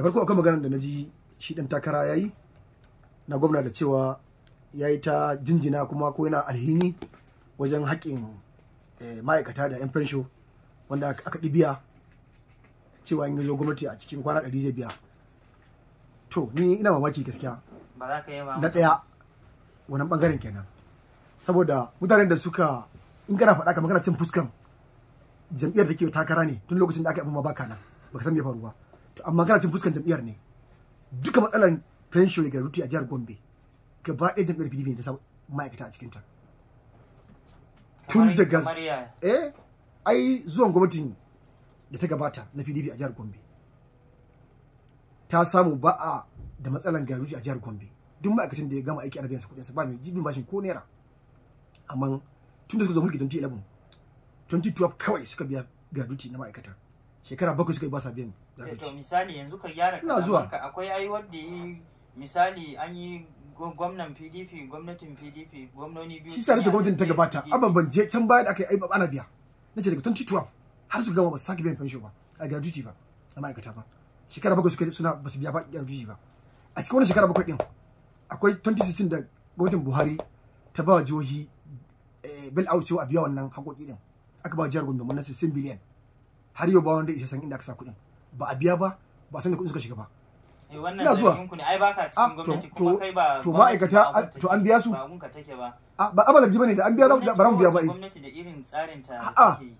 da farko akwai maganar da na ji shi ɗan takara yi na gwamna da cewa ya yi ta jinjina kuma ko yana alhini wajen haƙƙin eh, ma'aikata da 'yan fensho wanda aka ɗibiya cewa yin zo gwamnati a cikin kwana ɗari zai biya to ni ina mamaki gaskiya na ɗaya wannan ɓangaren kenan saboda mutanen da suka in kana faɗa kamar kana cin fuskan jam'iyyar da ke takara ne tun lokacin da aka yi abin ma baka nan baka san me faru ba amma kana cin fuskan jam'iyyar ne duka matsalan pension da garuti a jihar Gombe gaba ɗaya jam'iyyar PDP ne ta samu ma'aikata a cikinta tun daga eh ai zuwan gwamnatin da ta gabata na PDP a jihar Gombe ta samu ba a da matsalan garuti a jihar Gombe duk ma'aikacin da ya gama aiki a rabiyarsa sa ba mai jibin bashin ko naira amma tun da suka zo mulki 2011 2012 kawai suka biya garuti na ma'aikata shekara bakwai suka yi ba sa biyan garbage eh, to misali yanzu ka gyara ina zuwa akwai ai wanda yi misali an yi gwamnan PDP gwamnatin PDP gwamnoni biyu shi sa nace gwamnatin ta gabata abban ban je can baya da aka yi ana biya na ce daga 2012 har su gama ba su sake biyan pension ba a gratuity ba a ma'aikata ba shekara bakwai suka suna ba su biya ba gratuity ba a cikin wani shekara bakwai din akwai 2016 da gwamnatin Buhari ta ba wa jihohi eh, bill out a biya wannan haƙoƙi din aka ba jihar Gombe na 16 biliyan har yau ba wanda isa san inda aka sa kuɗin ba a biya ba ba san da kuɗin suka shiga ba eh, ina zuwa ah, to to ma'aikata ah, to an biya su ah, ba ba zargi bane da an biya za ba ran biya ba eh. gwamnati da irin tsarin ta take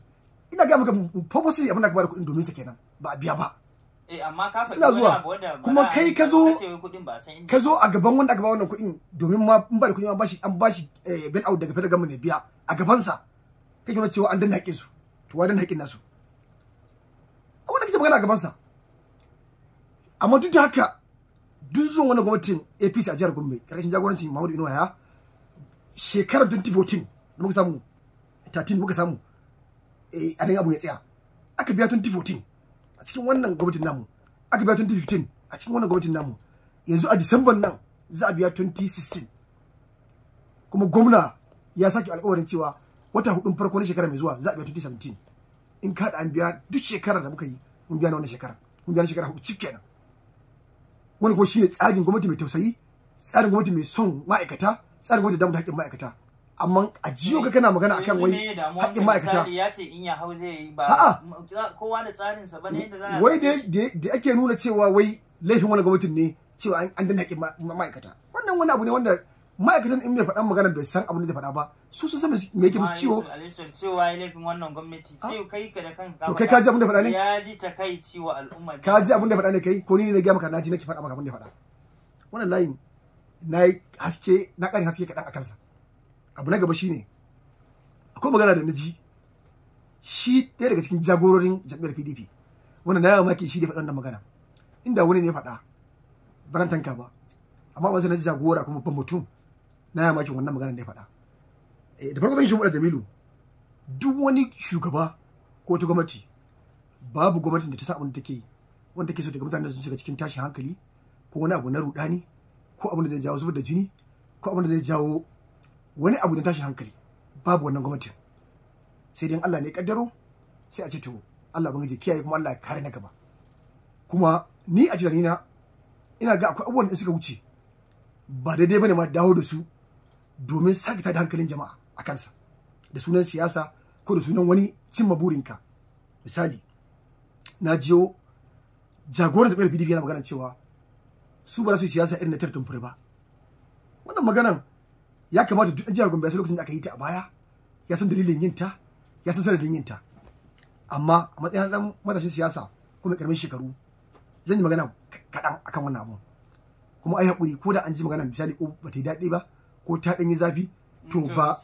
ina ga maka purposely abin da ka bada kuɗin domin sa kenan ba a biya ba eh, amma ka zuwa kuma kai ka zo ka zo a gaban wanda aka ba wannan kuɗin domin ma in ba da kuɗin ma bashi an bashi bail out daga federal government ne biya a gaban sa kake nuna cewa an danna haƙƙin su to wa danna haƙƙin nasu magana a gabansa amma duk da haka duk zuwan wani gwamnatin apc a jihar gombe karshen jagorancin mahmudu inuwa ya shekarar 2014 da muka samu 13 muka samu eh, a nan abu ya tsaya aka biya 2014 a cikin wannan gwamnatin namu aka biya 2015 a cikin wannan gwamnatin namu yanzu a disamban nan za a biya 2016 kuma gwamna ya sake alkawarin cewa wata hudun farko na shekarar mai zuwa za a biya 2017 in ka an biya duk shekarar da muka yi Wani biya na wannan shekara biya na shekara wani kuma shine tsarin gwamnati mai tausayi tsarin gwamnati mai son ma'aikata tsarin gwamnati damu da haƙƙin ma'aikata amma a jiyo ka kana magana akan wai haƙƙin ma'aikata ya ce in ya hau zai yi ba kowa da wai da ake nuna cewa wai laifin wani gwamnatin ne cewa an danna haƙƙin ma'aikata wannan wani abu ne wanda ma'aikatan in mai faɗan magana bai san abin da faɗa ba su su san me yake musu ciwo cewa ah. kai to kai ka ji abin da faɗa ne ka ji abin da faɗa ne kai ko ni ne gaya maka na ji nake faɗa maka abin da faɗa wannan layin na yi haske na ƙarin haske kaɗan a kansa abu na gaba shine akwai magana da na ji shi ɗaya daga cikin jagororin jam'iyyar pdp Wannan na yawa maki shi da faɗa wannan magana inda wani ne faɗa barantanka ba amma ba sai na ji jagora kuma ban mutum na ya makin wannan maganar da ya faɗa eh, da farko zan shi buɗe jamilu duk wani shugaba ko ta gwamnati babu gwamnatin da ta sa abin da take yi wanda take so daga mutanen sun shiga cikin tashin hankali ko wani abu na rudani ko abin da zai jawo zubar da jini ko abin da zai jawo wani abu na tashin hankali babu wannan gwamnatin sai dai Allah ne kaddaro sai a ce to Allah ubangiji kiyaye kuma Allah ya kare na gaba kuma ni a tunanina ina ga akwai abubuwan da suka wuce ba daidai bane ma dawo da su domin sake da hankalin jama'a a kansa da sunan siyasa ko da sunan wani cimma burinka misali na jiyo jagoran tafiyar pdp yana magana cewa su ba su siyasa irin na tar fure ba wannan maganan ya kamata duk jihar gombe ya san lokacin da aka yi ta a baya ya san dalilin yin ta ya san sanadin yin ta amma a matsayin dan matashin siyasa ko kuma karamin shekaru zan yi magana kaɗan akan wannan abun kuma ai hakuri ko da an ji magana misali ko ba ta yi daɗi ba ko ta ɗanyi zafi to ba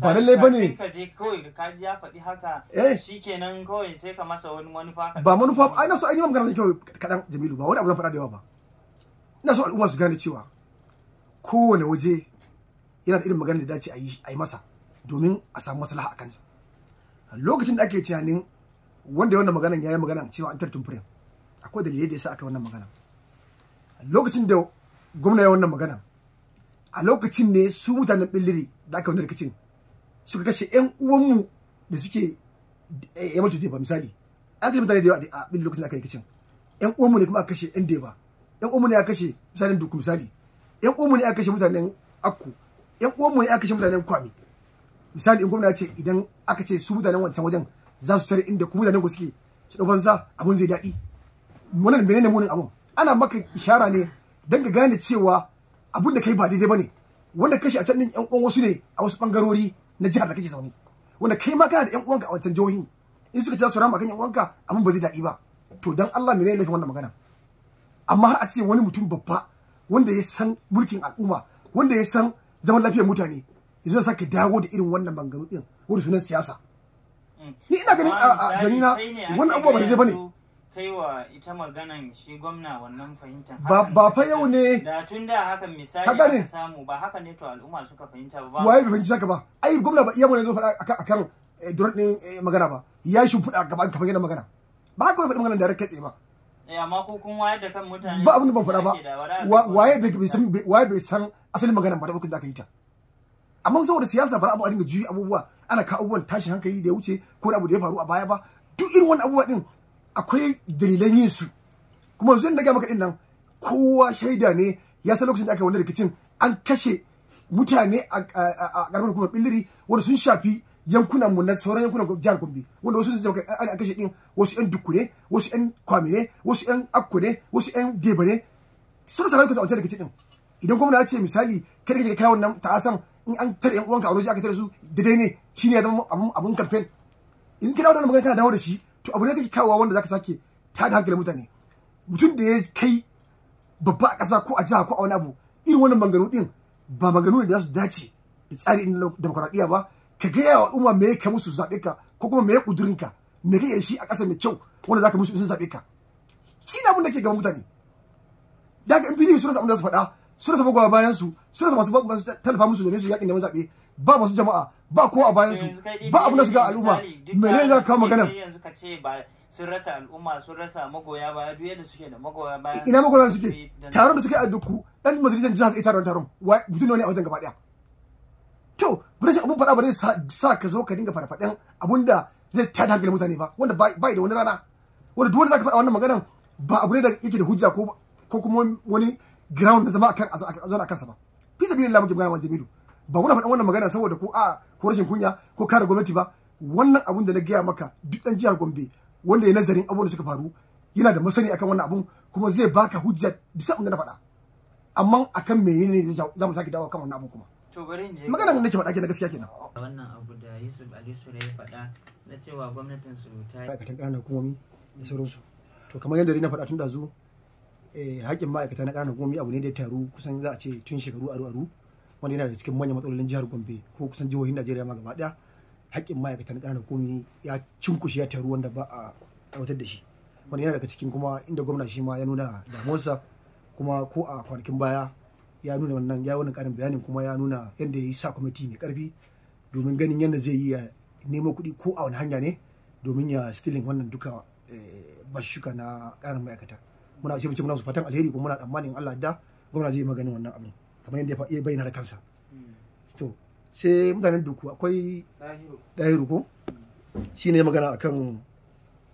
ba lalle ba ne ka je kawai kaji ya faɗi haka eh. kawai sai ka masa wani manufa ba manufa ba ina so an yi magana da kyau kaɗan jamilu ba wani abu zan faɗa da yawa ba ina so al'umma su gane cewa kowane waje yana da irin magana da dace a yi a yi masa domin a samu maslaha a kan lokacin da ake tunanin wanda ya wannan maganan ya yi magana cewa an tartun firin akwai dalilai da ya sa aka wannan magana lokacin da gwamna ya wannan magana a lokacin ne su mutanen billiri da aka wani rikicin suka kashe yan uwanmu da suke eh, yamma tudu ba misali an kashe mutane da yawa a billiri lokacin da aka yi rikicin yan uwanmu ne kuma aka kashe yan deba yan uwanmu ne aka kashe misali duku misali yan uwanmu ne aka kashe mutanen akku yan uwanmu ne aka kashe mutanen kwami misali in gwamna ce idan aka ce su mutanen wancan wajen za su tare inda kuma mutanen ku suke su ɗaukan sa abun zai daɗi wannan menene munin abun ana maka ishara ne don ka gane cewa abun da kai ba daidai bane wanda kashi a can din yan uwan wasu ne a wasu bangarori na jihar da kake zaune wanda kai ma kana da yan ka a wancan jihohin in suka ci su rama kan yan uwanka abin ba zai daɗi ba to dan Allah mene ne laifin wannan magana amma har a ce wani mutum babba wanda ya san mulkin al'umma wanda ya san zaman lafiyar mutane yanzu sake dawo da irin wannan bangaro din wurin sunan siyasa mm. ni ina ganin a janina wannan abubuwa ba daidai bane kai ita maganan shi gwamna wannan fahimtar ba fa yau ne da tun da hakan misali ne samu ba haka ne to al'umma suka fahimta ba waye bai fahimci saka ba ai gwamna ba iya mun zo faɗa akan durat din magana ba ya shi fuda gaban ka fahimta magana ba ka faɗi magana da rake tsaye ba eh amma ko kun wayar da kan mutane ba abin da ban faɗa ba waye bai san waye bai san asalin maganan ba da lokacin da ka yi ta amma saboda siyasa ba abu a dinga juyi abubuwa ana kawo abubuwan tashin hankali da ya wuce ko abu da ya faru a baya ba duk irin wani abubuwa din akwai dalilan yin su kuma yanzu da ga maka din nan kowa shaida ne ya san lokacin da aka wani rikicin an kashe mutane a karbar hukumar billiri wanda sun shafi yankunan mu na sauran yankunan jihar Gombe wanda wasu sun an kashe din wasu yan dukku ne wasu yan kwami ne wasu yan akko ne wasu yan deba ne sun sanar kusa a rikicin din idan gwamna ya ce misali kada ka kai wannan ta'asan in an tare yan uwanka a waje aka tare su daidai ne shine ya zama abun abun campaign in kana wannan magana kana dawo da shi to abu ne kake kawo wanda zaka sake ta da hankalin mutane mutum da ya kai babba a ƙasa ko a jiha ko a wani abu irin wannan maganganu din ba maganganu ne da za su dace da tsari na demokuraɗiyya ba ka gaya wa al'umma me ka musu zaɓe ka ko kuma me ya ƙudurinka me kake yarshi a ƙasa mai kyau wanda zaka musu sun zaɓe ka shi ne abin da ke gaban mutane da haka in bidiyo su rasa abin da su faɗa sun rasa magoya bayan su sun rasa masu masu tallafa musu domin su yakin neman zaɓe ba masu jama'a ba ko a bayan su ba abu da shiga al'umma al'umma ne za ka kawo magana yanzu ka ce ba sun rasa al'umma sun rasa magoya baya duk yadda suke da magoya baya ina magoya suke taron da suke a dukku dan majalisar jihar sai taron taron mutum ne a wajen gaba daya to rashin abun faɗa ba zai sa ka zo ka dinga farfaɗen abun da zai tada hankalin mutane ba wanda bai da wani rana wanda duk wanda zaka faɗa wannan maganar ba abu ne da yake da hujja ko ko kuma wani ground da zama akan a zauna akan sa ba fi sabilillah muke magana Jamilu ba muna faɗin wannan magana saboda ko a ko rashin kunya ko kare gwamnati ba wannan abun da na gaya maka duk dan jihar Gombe wanda ya nazarin abubuwan da suka faru yana da masani akan wannan abun kuma zai baka hujja bisa abin da na faɗa amma akan yene ne za mu saki dawo kan wannan abun kuma to bari in je magana nake faɗa kenan na gaskiya kenan wannan abu da Yusuf Ali Sura ya faɗa na cewa gwamnatin su ta aikatan ƙananan hukumomi da sauransu to kamar yadda na faɗa tun da zu Eh, haƙƙin ma'aikata na ƙananan hukumomi abu ne da ya taru kusan za a ce tun shekaru aru aru wanda yana da cikin manyan matsalolin jihar gombe ko kusan jihohin najeriya ma gaba ɗaya haƙƙin ma'aikata na ƙananan hukumomi ya cinkushe ya taru wanda ba a aiwatar da shi wanda yana daga cikin kuma inda gwamna shi ma ya nuna damuwarsa kuma ko a kwanakin baya ya nuna wannan ya wani ƙarin bayanin kuma ya nuna yadda ya yi sa kwamiti mai ƙarfi domin ganin yadda zai yi ya nemo kuɗi ko a wani hanya ne domin ya stilin wannan duka eh, bashuka na ƙananan ma'aikata muna shi muna su fatan alheri kuma muna tsammanin Allah da gwamna zai maganin wannan abin kamar yadda ya bayyana da kansa hmm. to sai mutanen duku akwai dahiru ko shine magana akan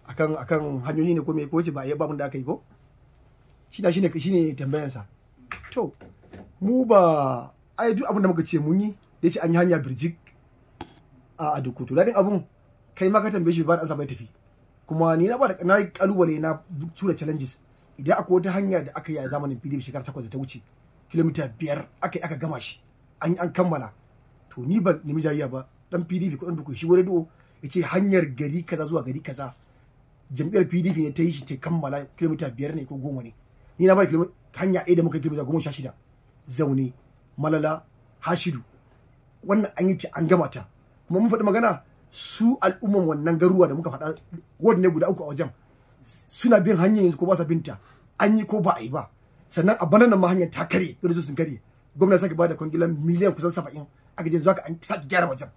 akan akan hanyoyi ne ko me ko ce ba ya ba mun da aka yi ko shi da shine shine tambayan sa to mu ba ai duk abin da muka ce mun yi da ce an yi hanya birjik a duku to dadin abun kai ma ka tambaye shi ba da ansa bai tafi kuma ni na ba da na kalubale na tura challenges idan akwai wata hanya da aka yi a zamanin pdp shekara takwas da ta wuce kilomita biyar aka yi aka gama shi an yi an kammala to ni ba nemi jayayya ba dan pdp ko dan duku shi rediyo ya ce hanyar gari kaza zuwa gari kaza jam'iyyar pdp ne ta yi shi ta kammala kilomita biyar ne ko goma ne ni na ba hanya ɗaya da muka kilomita goma sha shida zaune malala hashidu wannan an yi ta an gama ta kuma mun faɗi magana su al'umman wannan garuwa da muka faɗa wadda ne guda uku a wajen suna bin hanyar yanzu ko ba sa binta an yi ko ba a yi ba sannan a bana nan ma hanyar ta kare irzu sun kare gwamnati sake da kwangilan miliyan kusan saba'in aka je zuwa ka an sake gyara wajen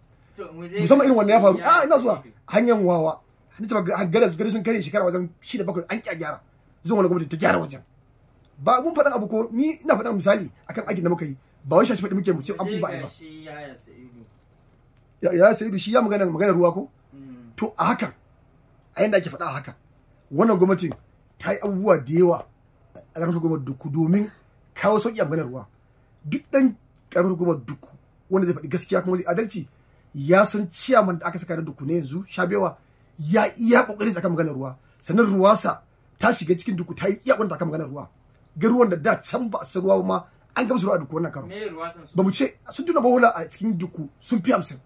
musamman irin wannan ya faru a ah, ina zuwa hanyar wawa ni taba gada gari sun kare shekara wajen shida bakwai an kya gyara zuwa wani gwamnati ta gyara wajen ba mun faɗan abu ko ni ina faɗan misali akan aikin da muka yi ba wai shashi faɗi muke mu ce an ba ba ya ya sai shi ya magana magana ruwa ko mm. to a hakan a yanda ake faɗa a hakan wannan gwamnatin ta yi abubuwa da yawa a hukumar duku domin kawo sauƙi a ruwa duk ɗan ƙarfin hukumar duku wanda zai faɗi gaskiya kuma zai adalci ya san ciyaman da aka saka duku ne yanzu shabewa ya iya ƙoƙari akan maganar ruwa sannan ruwasa ta shiga cikin duku ta yi iya ƙwanta akan maganar ruwa garuwan da da can ba a san ruwa ma an gamsu ruwa a duku wannan karo ba mu ce sun tuna a cikin duku sun fi hamsin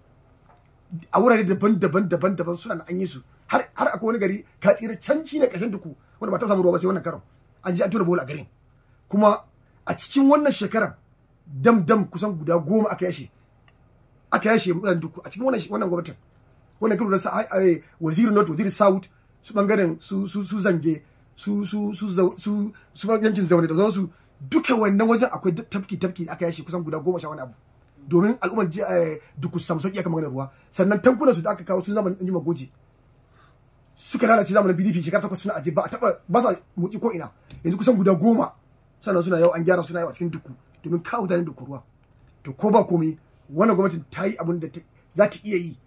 a wurare daban-daban daban-daban suna an yi su har har akwai wani gari ka tsira can shi ne kashin duku wanda ba ta samu ruwa ba sai wannan karon an ji an tura bola a garin kuma a cikin wannan shekaran dam dam kusan guda goma aka yashe aka yashe mutan duku a cikin wannan wannan gwamnatin wannan kiro sa waziri north waziri south su bangaren su su su zange su su su su su yankin zaune da zan su duka wannan wajen akwai tafki tafki aka yashe kusan guda goma sha wani abu domin al'ummar eh, duku samu sauki aka magana ruwa sannan tankuna su da aka kawo tun zamanin injima Goje suka lalace zamanin BDP shekara takwas suna aje ba a taba ba sa motsi ko ina yanzu kusan guda goma sannan suna yau an gyara suna yau a cikin duku domin kawo mutanen duku ruwa to ko ba komai wannan gwamnatin ta yi abin da za ta iya yi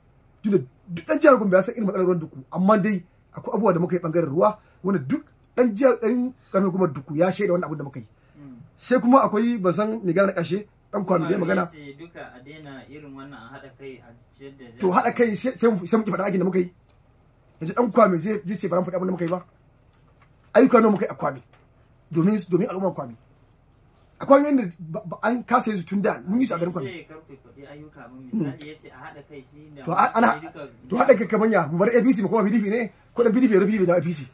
tunda duk dan jihar Gombe ya san irin matsalar ruwan duku amma dai akwai abubuwa da muka yi bangaren ruwa wanda duk dan jihar dan karamar hukumar duku ya shaida wannan abin da muka yi mm. sai kuma akwai ban san mai gana na ƙarshe dan kwami dai magana duka a daina irin wannan a hada kai a ciyar da to hada kai sai sai muke fada aikin da muka yi yanzu dan kwame zai zai ce ba ran faɗa abin da muka yi ba ayyuka nawa muka yi a kwami. domin domin al'umma kwame akwai yanda an kasa yanzu tun da mun yi su a garin kwami to ana to haɗa kai kamar ya mu bar apc mu koma pdp ne ko dan pdp ya rufe da apc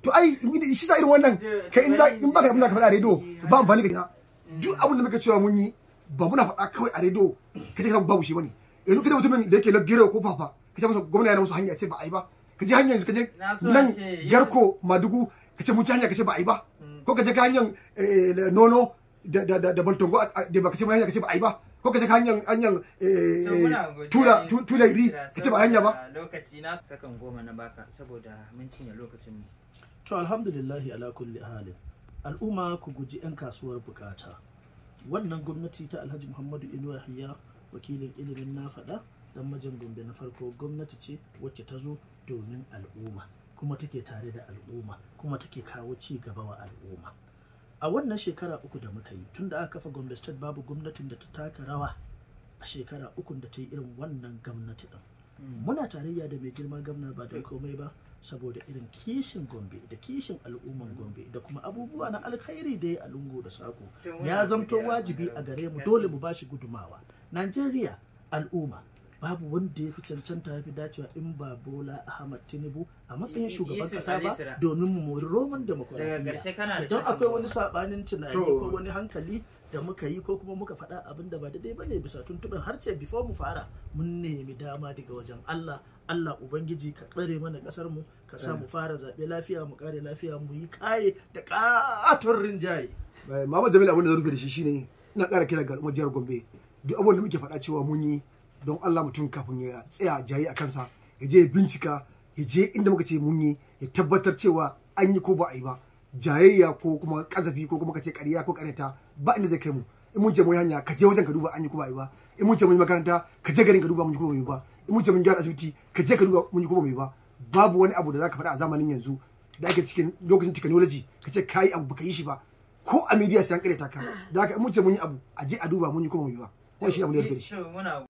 to ai shi sa irin wannan kai in baka abin da ka faɗa a rediyo ba amfani ga duk abin da muka cewa mun yi ba muna faɗa kawai a rediyo ka ce ka babu shi bane yanzu kaje mutumin da yake lagire ko fafa ka masa gwamnati yana musu hanya ce ba ai ba kaje je hanyar ka je nan garko madugu ka mun ci hanya ka ba ai ba mm. ko ka ka hanyar eh, nono da da da baltongo da ba ka mun hanya ka ba ai ba ko ka ka hanyar hanyar eh, tura tura iri ka ba hanya ba lokaci na sakan goma na baka saboda mun cinye lokacin to alhamdulillah ala kulli halin al'umma ku guji 'yan kasuwar bukata wannan gwamnati ta alhaji muhammadu inuwa hiya wakilin ilimin na faɗa dan majin gombe na farko gwamnati ce wacce ta zo domin al'umma kuma take tare da al'umma kuma take kawo ci gaba wa al'umma a wannan shekara uku da muka yi tunda aka kafa gombe state babu gwamnatin da ta taka rawa a shekara uku da ta yi irin wannan gwamnati din muna tarayya da mai girma gwamna ba da komai ba saboda irin kishin gombe da kishin al'umman gombe da kuma abubuwa na alkhairi da ya lungu da sako ya zamto wajibi a gare mu dole mu bashi gudumawa najeriya al'umma babu wanda ya fi cancanta ya fi dacewa in ba bola a ahmad tinubu a matsayin shugaban kasa ba domin mu mori roman demokuraɗiyya don akwai wani saɓanin tunani ko wani hankali da muka yi ko kuma muka faɗa abin da ba daidai ba ne bisa tuntuɓin har ce before mu fara mun nemi dama daga wajen allah Allah Ubangiji ka tsare mana kasar mu ka sa mu fara zaɓe lafiya mu kare lafiya mu yi kaye da ƙaton rinjaye. Eh, Mama Jamil abin da zan rufe da shi shine ina ƙara kira ga umar jihar Gombe duk abin da muke faɗa cewa mun yi don Allah mutum kafin ya tsaya jayi a kansa ya je ya bincika ya je inda muka ce mun yi ya tabbatar cewa an yi ko ba a yi ba jayayya ko kuma kazafi ko kuma kace ƙarya ko kareta ba inda zai kai mu in mun je mun hanya ka je wajen ka duba an yi ko ba a yi ba in mun je mun makaranta ka je garin ka duba mun yi ko ba mu ba in mun je mun gyara asibiti ka je ka duba mun yi ko ba mu ba babu wani abu da zaka faɗa a zamanin yanzu da ake cikin lokacin technology ka ce kai abu baka yi shi ba ko a media sai an kareta ka da haka in mun je mun yi abu a je a duba mun yi ko ba mu ba wannan shi abu ne da shi